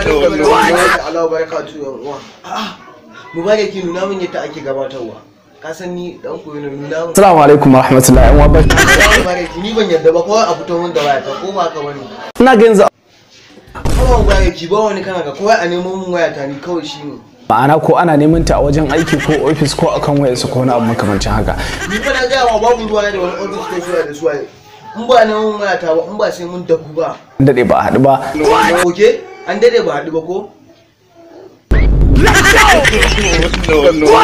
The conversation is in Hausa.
alaikum wa barakatuhu ah, mubaraki nuna min yadda ake gabatarwa ka san ni dan koyo nuna min assalamu alaikum warahmatullahi wa barakatuhu ni ban yadda ba ko a fito mun da waya ta ko ba ka bane ina ga yanzu kawai baraki ba wani kana ga kawai a neman mun waya ta ni kawai shine ma'ana ko ana neman ta a wajen aiki ko ofis ko akan wayarsa ko wani abu makamancin haka ni fa na gaya wa babu ruwa da wani ofis ko suwa da suwa in ba nan wayata ba in ba sai mun dafu ba da ba a haɗu ba oke an dade ba haɗu ba ko